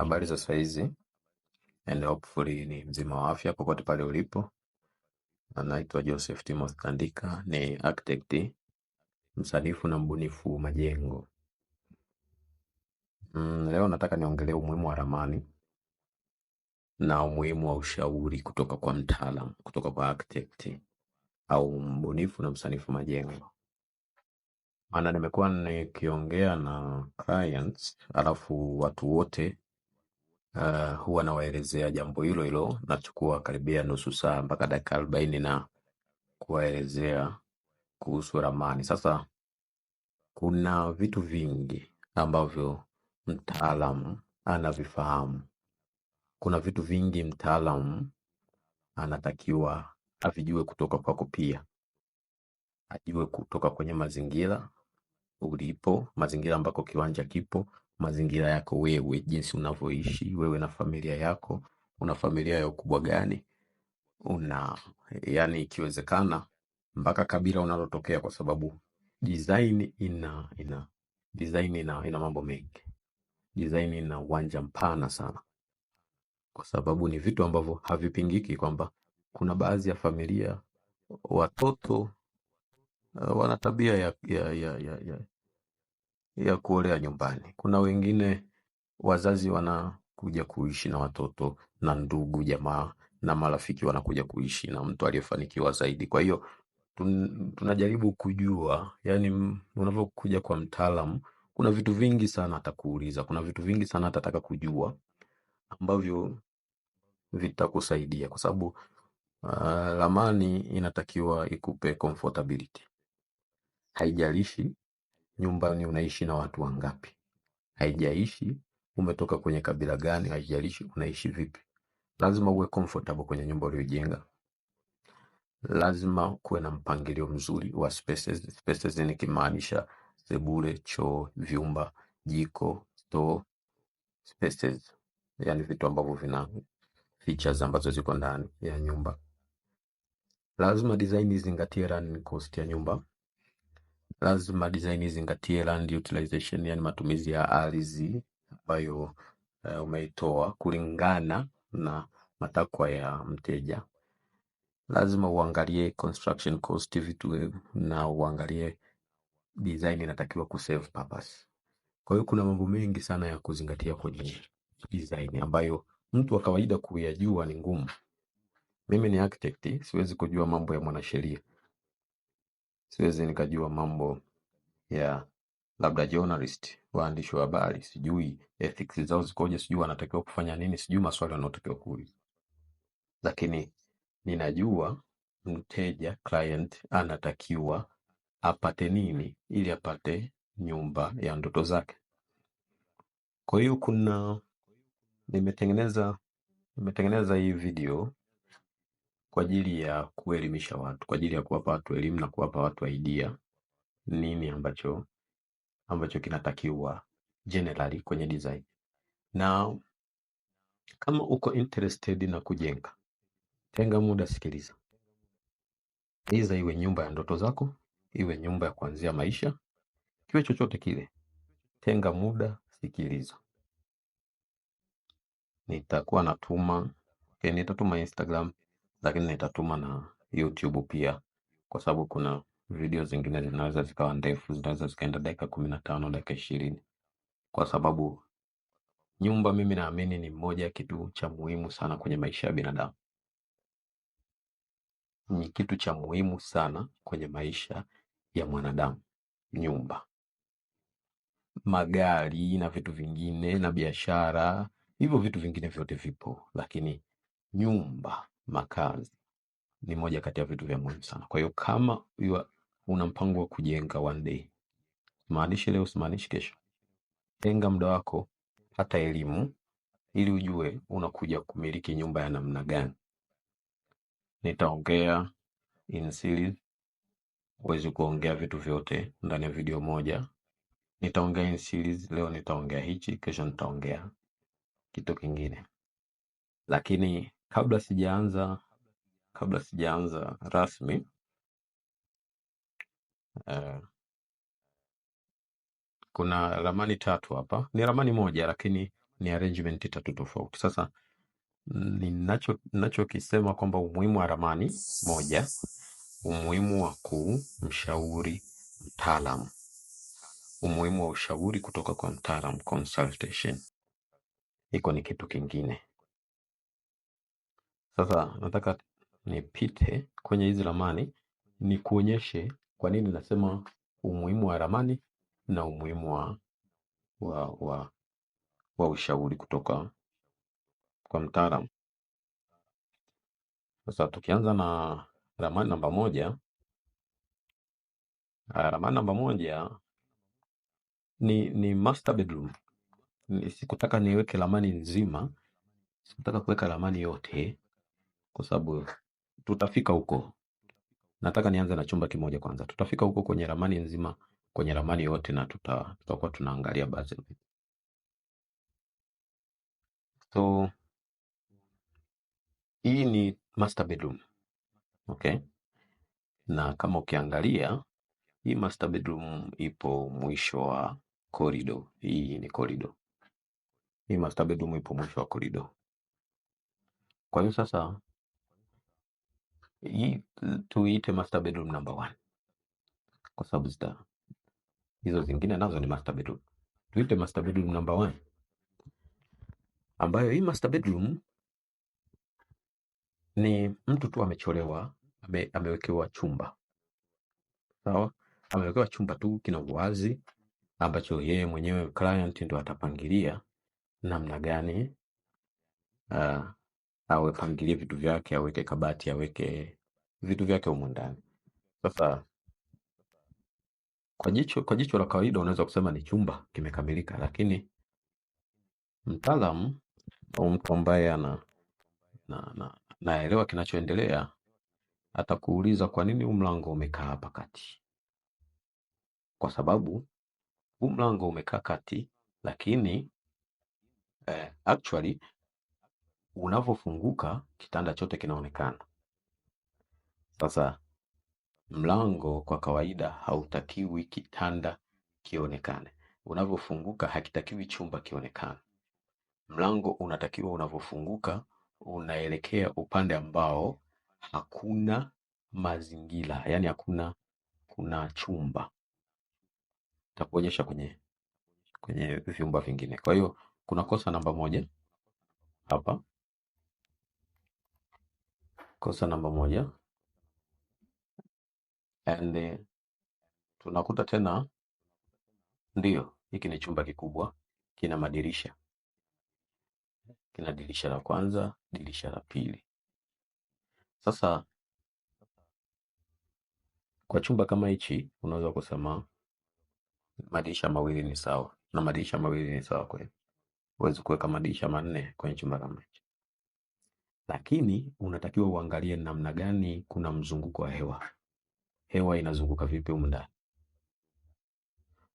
Habari za saizi, and hopefully ni mzima wa afya popote pale ulipo. Anaitwa Joseph Timothy Tandika, ni architect, msanifu na mbunifu majengo. Mm, leo nataka niongelee umuhimu wa ramani na umuhimu wa ushauri kutoka kwa mtaalam, kutoka kwa architect au mbunifu na msanifu majengo. Maana nimekuwa nikiongea na clients, alafu watu wote uh, huwa nawaelezea jambo hilo hilo, nachukua karibia nusu saa mpaka dakika arobaini na kuwaelezea kuhusu ramani. Sasa kuna vitu vingi ambavyo mtaalamu anavifahamu, kuna vitu vingi mtaalamu anatakiwa avijue kutoka kwako, pia ajue kutoka kwenye mazingira ulipo, mazingira ambako kiwanja kipo, mazingira yako wewe, jinsi unavyoishi wewe na familia yako. Una familia ya ukubwa gani? Una yani, ikiwezekana mpaka kabila unalotokea, kwa sababu design ina ina design ina, ina mambo mengi. Design ina uwanja mpana sana, kwa sababu ni vitu ambavyo havipingiki kwamba kuna baadhi ya familia watoto uh, wana tabia ya, ya, ya, ya, ya, ya kuolea nyumbani. Kuna wengine wazazi wanakuja kuishi na watoto na ndugu jamaa na marafiki wanakuja kuishi na mtu aliyefanikiwa zaidi. Kwa hiyo tun, tunajaribu kujua, yani unavyokuja kwa mtaalamu, kuna vitu vingi sana atakuuliza, kuna vitu vingi sana atataka kujua ambavyo vitakusaidia kwa sababu uh, inatakiwa ikupe comfortability, haijalishi nyumbani unaishi na watu wangapi, haijaishi umetoka kwenye kabila gani, haijalishi unaishi vipi. Lazima uwe comfortable kwenye nyumba uliyojenga. Lazima kuwe na mpangilio mzuri wa spaces. Spaces nikimaanisha sebule, choo, vyumba, jiko, store, spaces, yani vitu ambavyo vina features ambazo ziko ndani ya nyumba. Lazima design izingatie running cost ya nyumba lazima design izingatie land utilization, yani matumizi ya ardhi ambayo uh, umeitoa kulingana na matakwa ya mteja. Lazima uangalie construction cost vitu eh, na uangalie design inatakiwa ku kuserve purpose. Kwa hiyo kuna mambo mengi sana ya kuzingatia kwenye design ambayo mtu wa kawaida kuyajua ni ngumu. Mimi ni architect, siwezi kujua mambo ya mwanasheria siwezi nikajua mambo ya labda journalist, waandishi wa habari, sijui ethics zao zikoje, sijui wanatakiwa kufanya nini, sijui maswali wanaotakiwa kuuliza, lakini ninajua mteja client anatakiwa apate nini ili apate nyumba ya ndoto zake. Kwa hiyo kuna nimetengeneza nimetengeneza hii video kwa ajili ya kuelimisha watu, kwa ajili ya kuwapa watu elimu na kuwapa watu idea nini ambacho ambacho kinatakiwa generally kwenye design. Na kama uko interested na kujenga, tenga muda, sikiliza. Iza iwe nyumba ya ndoto zako, iwe nyumba ya kuanzia maisha, kiwe chochote kile, tenga muda, sikiliza. Nitakuwa natuma nitatuma Instagram lakini nitatuma na YouTube pia, kwa sababu kuna video zingine zinaweza zikawa ndefu, zinaweza zikaenda dakika kumi na tano dakika ishirini kwa sababu nyumba, mimi naamini ni moja ya kitu cha muhimu sana kwenye maisha ya binadamu. Ni kitu cha muhimu sana kwenye maisha ya mwanadamu, nyumba, magari na vitu vingine na biashara, hivyo vitu vingine vyote vipo, lakini nyumba makazi ni moja kati ya vitu vya muhimu sana. Kwa hiyo kama yua- una mpango wa kujenga one day, maanishi leo, simaanishi kesho, tenga muda wako, hata elimu, ili ujue unakuja kumiliki nyumba ya namna gani. Nitaongea in series, huwezi kuongea vitu vyote ndani ya video moja. Nitaongea in series, leo nitaongea hichi, kesho nitaongea kitu kingine, lakini Kabla sijaanza kabla sijaanza rasmi eh, kuna ramani tatu hapa. Ni ramani moja lakini ni arrangement tatu tofauti. Sasa ninacho ninachokisema kwamba umuhimu wa ramani moja, umuhimu wa kumshauri mtaalamu, umuhimu wa ushauri kutoka kwa mtaalamu, consultation, hiko ni kitu kingine. Sasa nataka nipite kwenye hizi ramani nikuonyeshe kwa nini nasema umuhimu wa ramani na umuhimu wa, wa, wa, wa ushauri kutoka kwa mtaalamu. Sasa tukianza na ramani namba moja. Haya, ah, ramani namba moja ni, ni master bedroom. Ni- Sikutaka niweke ramani nzima, sikutaka kuweka ramani yote, kwa sababu tutafika huko. Nataka nianze na chumba kimoja kwanza. Tutafika huko kwenye ramani nzima, kwenye ramani yote, na tuta, tutakuwa tunaangalia baadhi ya vitu. So hii ni master bedroom. Okay, na kama ukiangalia hii master bedroom ipo mwisho wa corridor. Hii ni corridor. Hii master bedroom ipo mwisho wa corridor. Kwa hiyo sasa tuite master bedroom number one kwa sababu zita hizo zingine nazo ni master bedroom, tuite master bedroom number one, ambayo hii master bedroom ni mtu tu amecholewa ame, amewekewa chumba sawa, amewekewa chumba tu kina uwazi ambacho yeye mwenyewe client ndo atapangilia namna gani ah, apangilie vitu vyake, aweke kabati, aweke vitu vyake humu ndani. Sasa kwa jicho, kwa jicho la kawaida unaweza kusema ni chumba kimekamilika, lakini mtaalamu au mtu ambaye ana na, na, naelewa kinachoendelea atakuuliza kwa nini huu mlango umekaa hapa kati, kwa sababu huu mlango umekaa kati, lakini eh, actually Unavyofunguka kitanda chote kinaonekana. Sasa mlango kwa kawaida hautakiwi kitanda kionekane, unavyofunguka hakitakiwi chumba kionekane. Mlango unatakiwa unavyofunguka unaelekea upande ambao hakuna mazingira, yaani hakuna kuna chumba. Takuonyesha kwenye kwenye vyumba vingine. Kwa hiyo kuna kosa namba moja hapa. Kosa namba moja. And eh, tunakuta tena ndio, hiki ni chumba kikubwa, kina madirisha, kina dirisha la kwanza, dirisha la pili. Sasa kwa chumba kama hichi unaweza kusema madirisha mawili ni sawa, na madirisha mawili ni sawa kweli. Huwezi kuweka madirisha manne kwenye chumba kama hichi lakini unatakiwa uangalie namna gani kuna mzunguko wa hewa, hewa inazunguka vipi humu ndani.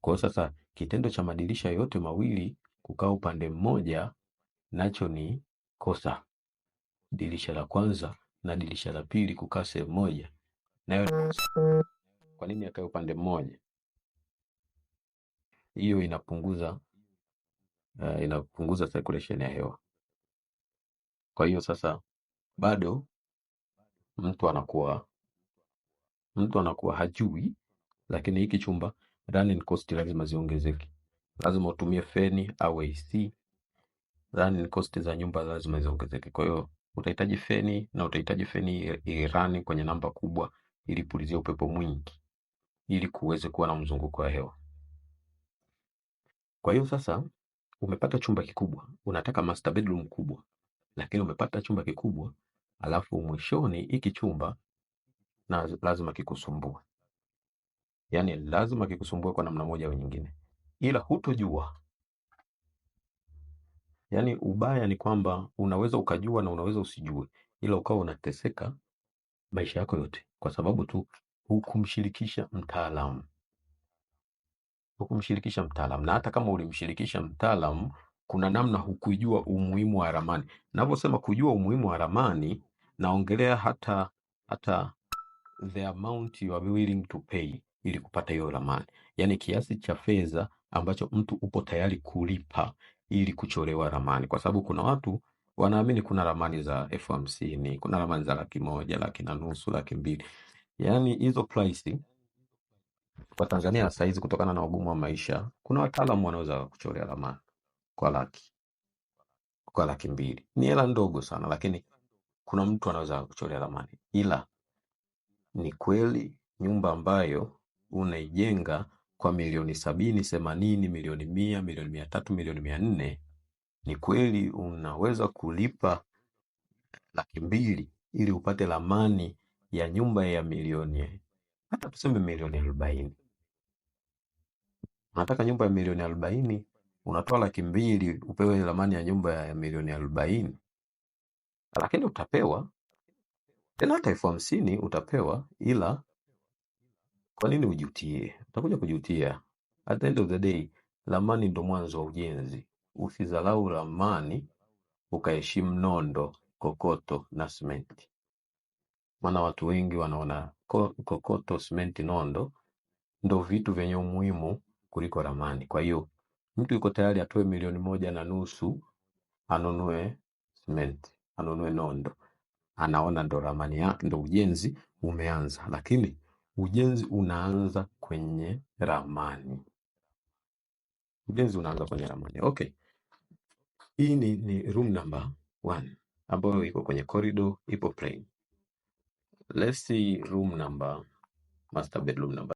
Kwa hiyo sasa, kitendo cha madirisha yote mawili kukaa upande mmoja nacho ni kosa. Dirisha la kwanza na dirisha la pili kukaa sehemu moja nayo. Kwa nini akae upande mmoja? Hiyo inapunguza uh, inapunguza circulation ya hewa. Kwa hiyo sasa bado mtu anakuwa mtu anakuwa hajui, lakini hiki chumba running cost lazima ziongezeke, lazima utumie feni au AC. Running cost za nyumba lazima ziongezeke, kwa hiyo utahitaji feni na utahitaji feni irani kwenye namba kubwa, ili pulizia upepo mwingi, ili kuweze kuwa na mzunguko wa hewa. Kwa hiyo sasa umepata chumba kikubwa, unataka master bedroom kubwa, lakini umepata chumba kikubwa, alafu mwishoni hiki chumba na lazima kikusumbue, yaani lazima kikusumbue kwa namna moja au nyingine, ila hutojua. Yaani ubaya ni kwamba unaweza ukajua na unaweza usijue, ila ukawa unateseka maisha yako yote kwa sababu tu hukumshirikisha mtaalamu, hukumshirikisha mtaalamu. Na hata kama ulimshirikisha mtaalamu, kuna namna hukujua umuhimu wa ramani. Navyosema kujua umuhimu wa ramani, naongelea hata hata the amount you are willing to pay ili kupata hiyo ramani, yaani kiasi cha fedha ambacho mtu upo tayari kulipa ili kuchorewa ramani, kwa sababu kuna watu wanaamini kuna ramani za elfu hamsini kuna ramani za laki moja laki na nusu laki mbili yaani hizo price kwa Tanzania saizi, kutokana na ugumu wa maisha, kuna wataalamu wanaweza kuchorea ramani kwa laki kwa laki mbili ni hela ndogo sana, lakini kuna mtu anaweza kuchorea ramani. Ila ni kweli nyumba ambayo unaijenga kwa milioni sabini, themanini, milioni mia, milioni mia tatu, milioni mia nne, ni kweli unaweza kulipa laki mbili ili upate ramani ya nyumba ya milioni hata tuseme milioni arobaini. Nataka nyumba ya milioni arobaini unatoa laki mbili upewe ramani ya nyumba ya milioni arobaini lakini utapewa tena hata elfu hamsini utapewa, ila kwa nini ujutie? Utakuja kujutia at the end of the day. Ramani ndo mwanzo wa ujenzi. usizalau ramani, ukaheshimu nondo, kokoto na simenti, maana watu wengi wanaona kokoto, simenti, nondo ndo vitu vyenye umuhimu kuliko ramani. Kwa hiyo mtu yuko tayari atoe milioni moja na nusu anunue simenti, anunue nondo, anaona ndo ramani yake, ndo ujenzi umeanza, lakini ujenzi unaanza kwenye ramani. Ujenzi unaanza kwenye ramani. Okay, hii ni, ni room number one ambayo iko kwenye corridor, ipo plain. Let's see room number, master bedroom number